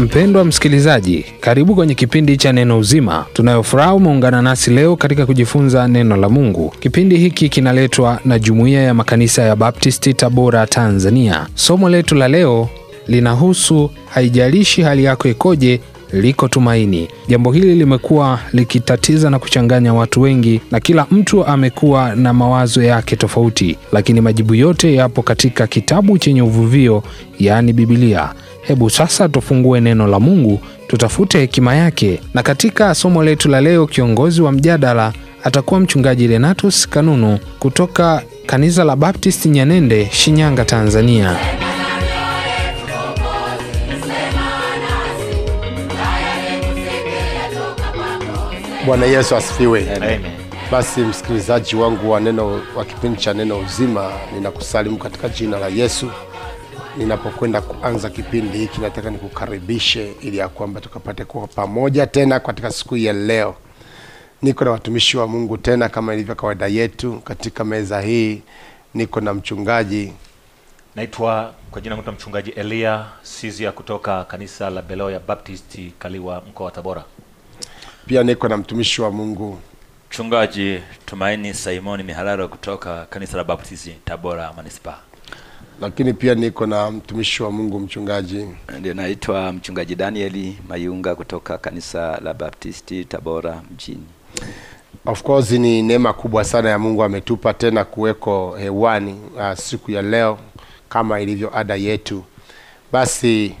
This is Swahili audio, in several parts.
Mpendwa msikilizaji, karibu kwenye kipindi cha Neno Uzima. Tunayofuraha umeungana nasi leo katika kujifunza neno la Mungu. Kipindi hiki kinaletwa na Jumuiya ya Makanisa ya Baptisti Tabora, Tanzania. Somo letu la leo linahusu haijalishi hali yako ikoje, liko tumaini. Jambo hili limekuwa likitatiza na kuchanganya watu wengi, na kila mtu amekuwa na mawazo yake tofauti, lakini majibu yote yapo katika kitabu chenye uvuvio, yaani Bibilia. Hebu sasa tufungue neno la Mungu, tutafute hekima yake. Na katika somo letu la leo, kiongozi wa mjadala atakuwa Mchungaji Renatus Kanunu kutoka kanisa la Baptisti Nyanende, Shinyanga, Tanzania. Bwana Yesu asifiwe. Basi msikilizaji wangu wa neno wa kipindi cha neno uzima, ninakusalimu katika jina la Yesu ninapokwenda kuanza kipindi hiki, nataka nikukaribishe ili ya kwamba tukapate kuwa pamoja tena katika siku hii ya leo. Niko na watumishi wa Mungu tena kama ilivyo kawaida yetu katika meza hii. Niko na mchungaji, naitwa kwa jina la mchungaji Elia Sizia kutoka kanisa la Beloya Baptist Kaliwa, mkoa wa Tabora. Pia niko na mtumishi wa Mungu mchungaji Tumaini Simoni Mihalaro kutoka kanisa la Baptist Tabora manispaa lakini pia niko na mtumishi wa Mungu mchungaji. Ndio, naitwa mchungaji daniel Mayunga kutoka kanisa la Baptisti Tabora mjini. Of course ni neema kubwa sana ya Mungu ametupa tena kuweko hewani uh, siku ya leo kama ilivyo ada yetu. Basi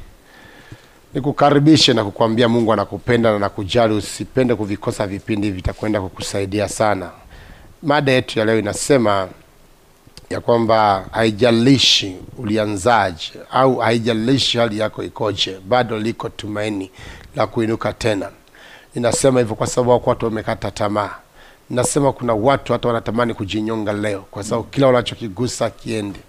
nikukaribishe na kukwambia Mungu anakupenda na nakujali, usipende kuvikosa vipindi vitakwenda kukusaidia sana. Mada yetu ya leo inasema ya kwamba haijalishi ulianzaje au haijalishi hali yako ikoje, bado liko tumaini la kuinuka tena. Ninasema hivyo kwa sababu wako watu wamekata tamaa. Ninasema kuna watu hata wanatamani kujinyonga leo, kwa sababu kila wanachokigusa kiende.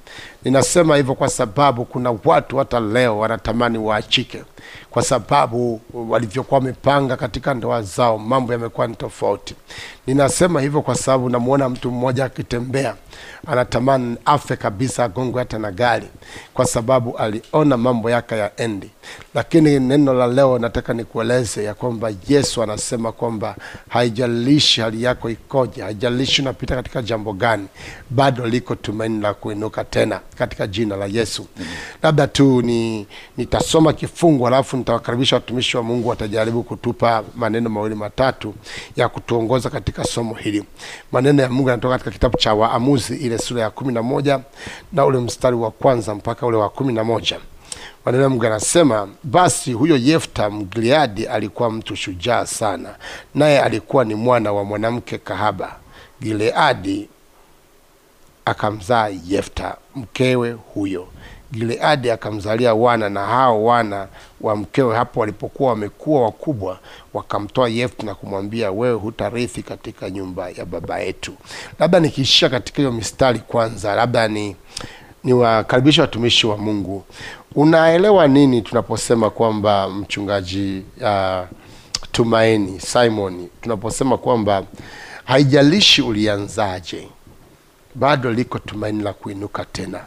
Ninasema hivyo kwa sababu kuna watu hata leo wanatamani waachike, kwa sababu walivyokuwa wamepanga katika ndoa zao mambo yamekuwa ni tofauti. Ninasema hivyo kwa sababu namwona mtu mmoja akitembea, anatamani afe kabisa, agongwe hata na gari, kwa sababu aliona mambo yake ya endi Lakini neno la leo nataka nikueleze ya kwamba Yesu anasema kwamba haijalishi hali yako ikoje, haijalishi unapita katika jambo gani, bado liko tumaini la kuinuka tena katika jina la Yesu. Labda tu ni nitasoma kifungu alafu nitawakaribisha watumishi wa Mungu, watajaribu kutupa maneno mawili matatu ya kutuongoza katika somo hili. Maneno ya Mungu yanatoka katika kitabu cha Waamuzi ile sura ya kumi na moja na ule mstari wa kwanza mpaka ule wa kumi na moja. Maneno ya Mungu yanasema, basi huyo Yefta Mgiliadi alikuwa mtu shujaa sana, naye alikuwa ni mwana wa mwanamke kahaba Gileadi, akamzaa Yefta mkewe huyo. Gileadi akamzalia wana, na hao wana wa mkewe hapo walipokuwa wamekuwa wakubwa, wakamtoa Yefti na kumwambia, wewe hutarithi katika nyumba ya baba yetu. Labda nikiishia katika hiyo mistari kwanza, labda ni wakaribisha watumishi wa Mungu. Unaelewa nini tunaposema kwamba mchungaji uh, Tumaini Simon, tunaposema kwamba haijalishi ulianzaje bado liko tumaini la kuinuka tena.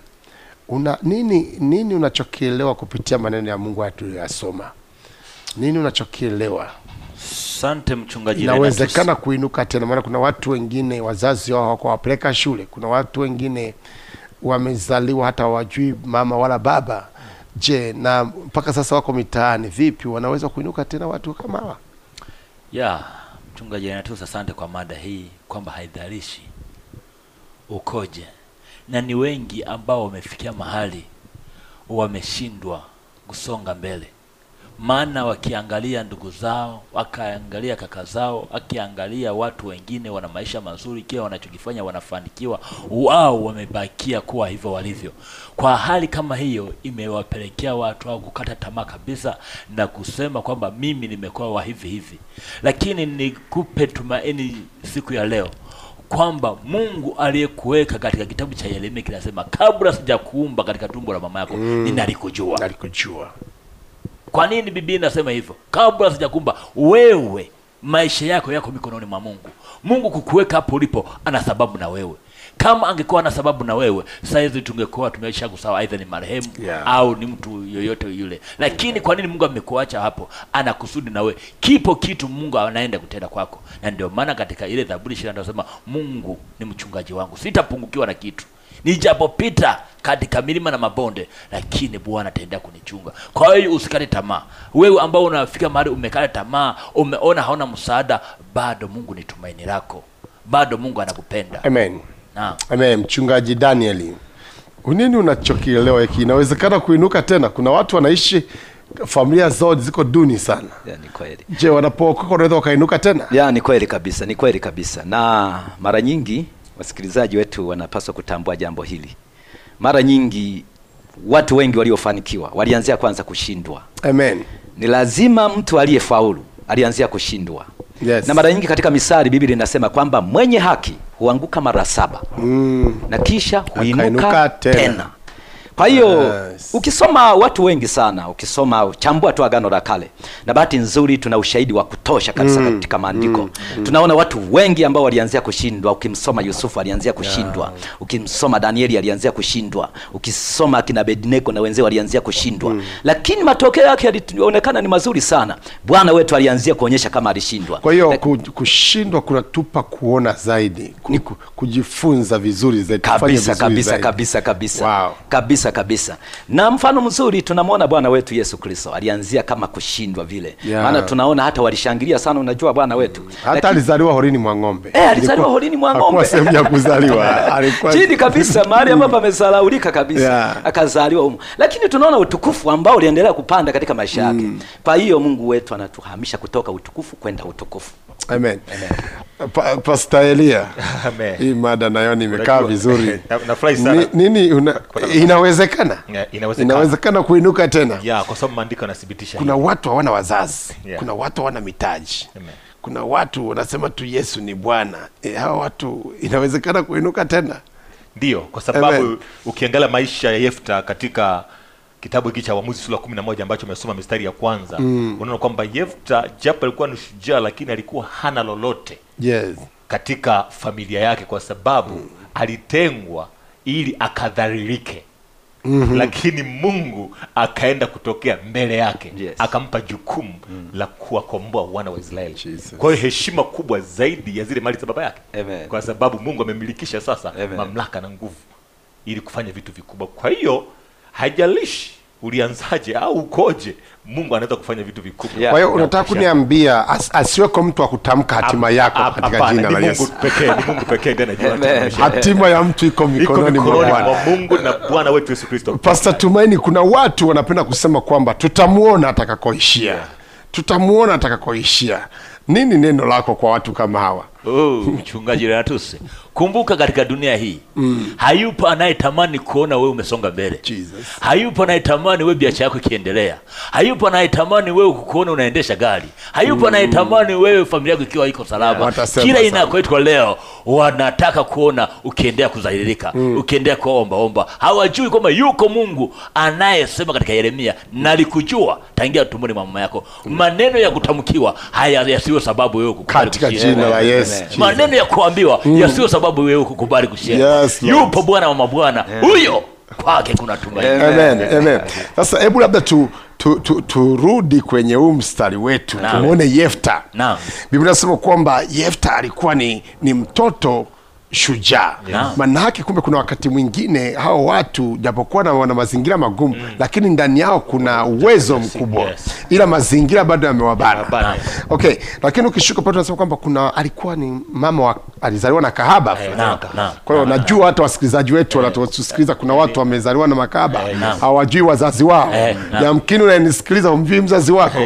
Una nini nini unachokielewa kupitia maneno ya Mungu hatuyoyasoma? Nini unachokielewa? sante mchungaji. Inawezekana kuinuka tena, maana kuna watu wengine wazazi wao hawakuwapeleka shule, kuna watu wengine wamezaliwa hata wajui mama wala baba. Je, na mpaka sasa wako mitaani, vipi wanaweza kuinuka tena watu kama hawa? Yeah, mchungaji, asante kwa mada hii kwamba haidhalishi ukoje, na ni wengi ambao wamefikia mahali wameshindwa kusonga mbele, maana wakiangalia ndugu zao, wakaangalia kaka zao, akiangalia watu wengine wana maisha mazuri, kile wanachokifanya wanafanikiwa, wao wamebakia kuwa hivyo walivyo. Kwa hali kama hiyo, imewapelekea watu hao kukata tamaa kabisa na kusema kwamba mimi nimekuwa wa hivi hivi. Lakini nikupe tumaini siku ya leo kwamba Mungu aliyekuweka katika kitabu cha Yeremia kinasema, kabla sijakuumba katika tumbo la mama yako mm, ninalikujua, nalikujua. Kwa nini Biblia inasema hivyo? Kabla sijakuumba wewe, maisha yako yako mikononi mwa Mungu. Mungu kukuweka hapo ulipo, ana sababu na wewe kama angekuwa na sababu na wewe, sasa hizi tungekuwa tumeisha kusawa, aidha ni marehemu yeah, au ni mtu yoyote yule. Lakini kwa nini Mungu amekuacha hapo? Ana kusudi na wewe, kipo kitu Mungu anaenda kutenda kwako, na ndio maana katika ile dhaburi ishirini anasema Mungu ni mchungaji wangu, sitapungukiwa na kitu nijapopita katika milima na mabonde, lakini Bwana ataendea kunichunga. Kwa hiyo usikate tamaa, wewe ambao unafika mahali umekata tamaa, umeona haona msaada, bado Mungu ni tumaini lako, bado Mungu anakupenda. Amen. Naam. Ame mchungaji Daniel. Unini unachokielewa hiki? Inawezekana kuinuka tena. Kuna watu wanaishi familia zao ziko duni sana. Ya, ni kweli. Je, wanapookoka wanaweza wakainuka tena? Ya, ni kweli kabisa, ni kweli kabisa. Na mara nyingi wasikilizaji wetu wanapaswa kutambua jambo hili. Mara nyingi watu wengi waliofanikiwa walianzia kwanza kushindwa. Amen. Ni lazima mtu aliyefaulu alianzia kushindwa. Yes. Na mara nyingi katika misari Biblia inasema kwamba mwenye haki huanguka mara saba mm. na kisha huinuka tena, tena. Kwa hiyo yes. Ukisoma watu wengi sana, ukisoma chambua tu Agano la Kale, na bahati nzuri tuna ushahidi wa kutosha kabisa mm. katika maandiko mm. mm. tunaona watu wengi ambao walianzia kushindwa. Ukimsoma Yusufu alianzia kushindwa yeah. Ukimsoma Danieli alianzia kushindwa, ukisoma kina Bednego na wenzao walianzia kushindwa mm. lakini matokeo yake yalionekana ni mazuri sana. Bwana wetu alianzia kuonyesha kama alishindwa. Kwa hiyo eh, kushindwa kunatupa kuona zaidi, kujifunza vizuri zaidi, kabisa kabisa, kabisa kabisa kabisa wow. kabisa kabisa kabisa. Na mfano mzuri tunamwona Bwana wetu Yesu Kristo alianzia kama kushindwa vile yeah. Maana tunaona hata walishangilia sana, unajua Bwana wetu mm. hata Laki... alizaliwa horini mwa ng'ombe eh, alizaliwa horini mwa ng'ombe, hakuwa sehemu ya kuzaliwa, alikuwa chini kabisa mahali mm. ambapo amesalaulika kabisa yeah. Akazaliwa humo, lakini tunaona utukufu ambao uliendelea kupanda katika maisha yake mm. Kwa hiyo Mungu wetu anatuhamisha kutoka utukufu kwenda utukufu. Amen. Amen. Pa, Pastor Elia, hii mada nayo nimekaa vizuri. Nafurahi sana. Nini una, inaweza inawezekana inawezekana, kuinuka tena ya, kwa sababu maandiko yanathibitisha. Kuna watu hawana wazazi yeah. Kuna watu hawana mitaji Amen. Kuna watu wanasema tu Yesu ni Bwana. E, hawa watu inawezekana kuinuka tena, ndio kwa sababu ukiangalia maisha ya Yefta katika kitabu hiki cha uamuzi sura kumi na moja ambacho umesoma mistari ya kwanza mm. unaona kwamba Yefta japo alikuwa ni shujaa, lakini alikuwa hana lolote yes. katika familia yake kwa sababu mm. alitengwa ili akadhalilike mm -hmm. lakini Mungu akaenda kutokea mbele yake yes. akampa jukumu mm. la kuwakomboa wana wa Israeli. Kwa hiyo heshima kubwa zaidi ya zile mali za baba yake Amen. kwa sababu Mungu amemilikisha sasa Amen. mamlaka na nguvu ili kufanya vitu vikubwa. Kwa hiyo hajalishi ulianzaje au ukoje, Mungu anaweza kufanya vitu vikubwa. Yeah. Kwa hiyo unataka kuniambia as, asiweko mtu wa kutamka hatima yako ap, katika ap, jina la Yesu pekee, ni Mungu pekee ndiye anajua hatima ya mtu iko mikononi mwa Mungu na Bwana wetu Yesu Kristo. Pastor Tumaini, kuna watu wanapenda kusema kwamba tutamuona atakakoishia, yeah. tutamuona atakakoishia. Nini neno lako kwa watu kama hawa? Oh, mchungaji Renatus, kumbuka katika dunia hii mm. hayupo anayetamani kuona wewe umesonga mbele Jesus. Hayupo anayetamani wewe biashara yako ikiendelea. Hayupo anayetamani wewe kukuona unaendesha gari. Hayupo mm. anayetamani wewe familia yako ikiwa iko salama. Yeah, kila inakoitwa leo wanataka kuona ukiendelea kuzahirika mm. ukiendelea kuomba omba. Hawajui kwamba yuko Mungu anayesema katika Yeremia, mm. nalikujua tangia tumboni mwa mama yako. Mm. Maneno ya kutamkiwa haya yasiwe sababu wewe kukubali. Katika jina la Yesu maneno ya kuambiwa mm. yasio sababu wewe kukubali kushia yes, yupo bwana wa mabwana huyo kwake kuna tumaini sasa hebu labda tu turudi tu, tu, tu kwenye huu mstari wetu tumwone yefta biblia nasema kwamba yefta alikuwa ni, ni mtoto shujaa yeah. Manake kumbe kuna wakati mwingine hao watu japokuwa na wana mazingira magumu mm. Lakini ndani yao kuna uwezo mkubwa yes. Ila mazingira bado yamewabana okay. Lakini ukishuka pale tunasema kwamba kuna alikuwa ni mama wa, alizaliwa na kahaba kwa hiyo najua hata wasikilizaji wetu wanatusikiliza kuna watu wamezaliwa na makahaba hawajui wazazi wao yamkini unanisikiliza umjui mzazi wako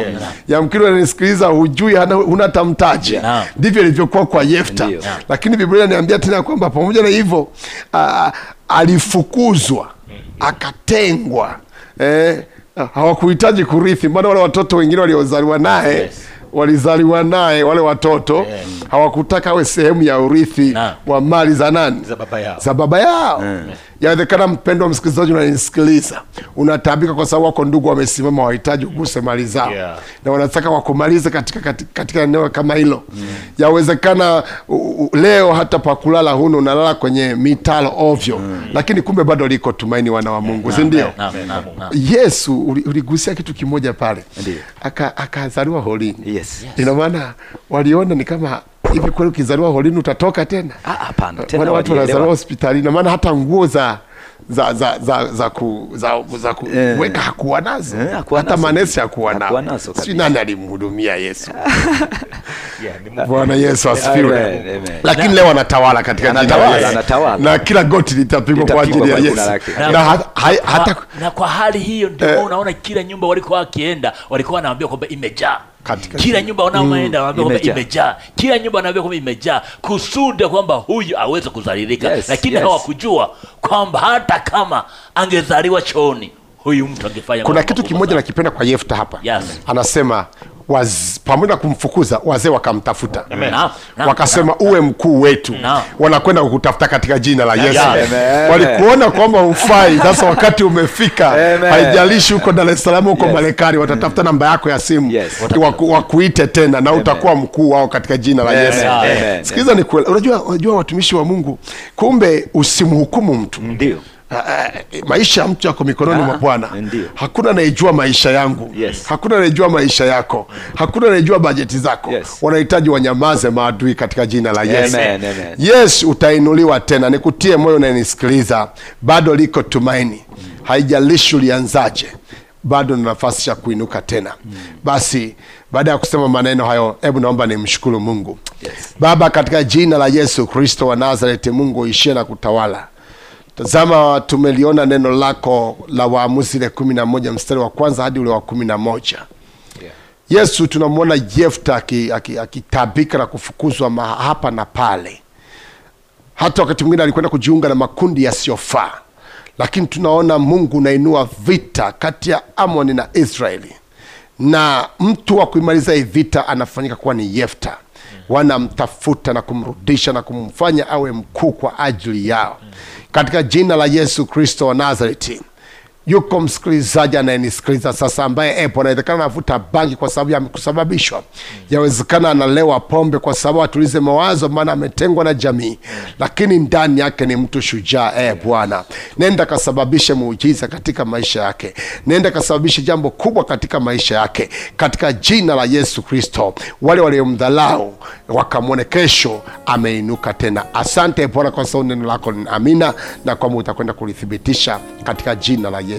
yamkini unanisikiliza hujui huna tamtaja ndivyo ilivyokuwa kwa Yefta lakini Biblia niambia tena ya kwamba pamoja na hivyo alifukuzwa akatengwa eh, hawakuhitaji kurithi, maana wale watoto wengine waliozaliwa naye yes walizaliwa naye wale watoto Hawakutaka awe sehemu ya urithi wa mali za nani, za baba yao, za baba yao. Mm. Yawezekana mpendo wa msikilizaji, unanisikiliza unataabika, kwa sababu wako ndugu wamesimama, wahitaji uguse mali zao yeah. na wanataka wakumalize katika, katika, katika eneo kama hilo mm. Yawezekana leo hata pakulala huna, unalala kwenye mitalo ovyo mm. Lakini kumbe bado liko tumaini, wana wa Mungu, si ndio? Yesu uligusia kitu kimoja pale, akazaliwa aka horini yes. Yes. waliona ni kama hivi kweli ukizaliwa holini utatoka tena? Ah, hapana, tena watu wanazaliwa hospitalini, na maana hata nguo za za za za za ku za, za eh. kuweka hakuwa nazo eh, hata manesi hakuwa nao. Si nani alimhudumia Yesu? yeah, Bwana Yesu asifiwe. Lakini leo anatawala katika jina la Yesu, na kila goti litapigwa kwa ajili ya Yesu na hata na kwa hali hiyo, ndio eh. unaona kila nyumba walikuwa wakienda walikuwa wanaambia kwamba imejaa katika kila nyumba unaoenda mm, waambia kwamba kila nyumba wanaambia kwamba imejaa, kusudi kwamba huyu aweze kuzalilika. Yes, lakini yes. hawakujua kwamba hata kama angezaliwa chooni huyu mtu angefanya. Kuna kitu kimoja nakipenda kwa Yefta hapa yes. anasema pamoja na kumfukuza wazee wakamtafuta wakasema uwe mkuu wetu Wanakwenda kukutafuta katika jina la Yesu. Walikuona kwamba ufai, sasa wakati umefika. Haijalishi huko Dar es Salaam, yes. Marekani watatafuta namba yako ya simu yes. Waku, wakuite tena na Utakuwa mkuu wao katika jina la Yesu. Sikiliza, ni kweli. unajua watumishi wa Mungu, kumbe usimhukumu mtu Ndiyo. Eh, eh, maisha ya mtu yako mikononi mwa ah, Bwana. Hakuna anayejua maisha yangu yes. Hakuna anayejua maisha yako, hakuna anayejua bajeti zako yes. Wanahitaji wanyamaze maadui katika jina la Yesu. Amen, amen. Yes, utainuliwa tena. Nikutie moyo unayenisikiliza, bado liko tumaini, mm. haijalishi ulianzaje, bado na nafasi ya kuinuka tena. mm. Basi baada ya kusema maneno hayo, hebu naomba nimshukuru Mungu yes. Baba, katika jina la Yesu Kristo wa Nazareti, Mungu uishie na kutawala Tazama, tumeliona neno lako la Waamuzi ile kumi na moja mstari wa kwanza hadi ule wa kumi na moja yeah. Yesu tunamwona Yefta akitabika na kufukuzwa hapa na pale, hata wakati mwingine alikwenda kujiunga na makundi yasiyofaa, lakini tunaona Mungu unainua vita kati ya Amoni na Israeli na mtu wa kuimaliza hii vita anafanyika kuwa ni Yefta. Wanamtafuta na kumrudisha na kumfanya awe mkuu kwa ajili yao, katika jina la Yesu Kristo wa Nazareti yuko msikilizaji anayenisikiliza sasa ambaye epo anawezekana anavuta bangi kwa sababu yamekusababishwa yawezekana analewa pombe kwa sababu atulize mawazo maana ametengwa na jamii lakini ndani yake ni mtu shujaa e bwana nenda kasababishe muujiza katika maisha yake nenda kasababishe jambo kubwa katika maisha yake katika jina la yesu kristo wale waliomdhalau wakamwone kesho ameinuka tena asante bwana kwa sababu neno lako amina na kwamba utakwenda kulithibitisha katika jina la yesu